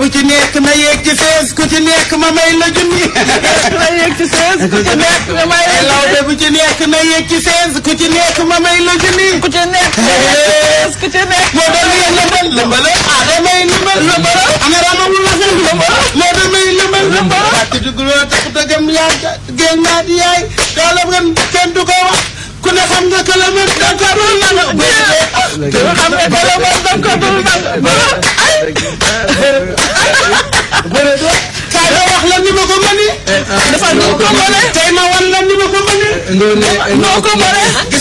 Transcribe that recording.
bütün ekme yektisiz, bütün ekme meyla cümle. Ekme yektisiz, bütün ekme meyla cümle. Ela bütün ekme yektisiz, bütün ekme meyla cümle. Bütün ekme yektisiz, bütün ekme meyla cümle. Lambalı, ada meyla cümle. Lambalı, anarama ulasın. Lambalı, moda meyla cümle. Lambalı, hati duguru takıda gemliyat, genmadiyay, kalabın kendukava. ku ne xam nga que la mën dëkkandoon na la. bu xam nga que la mën dëkkandoon na la. bëre do kaay ma wax la ni ma ko mënee. dafa noo ko mënee tey ma wan la ni ma ko mënee. noo ko mënee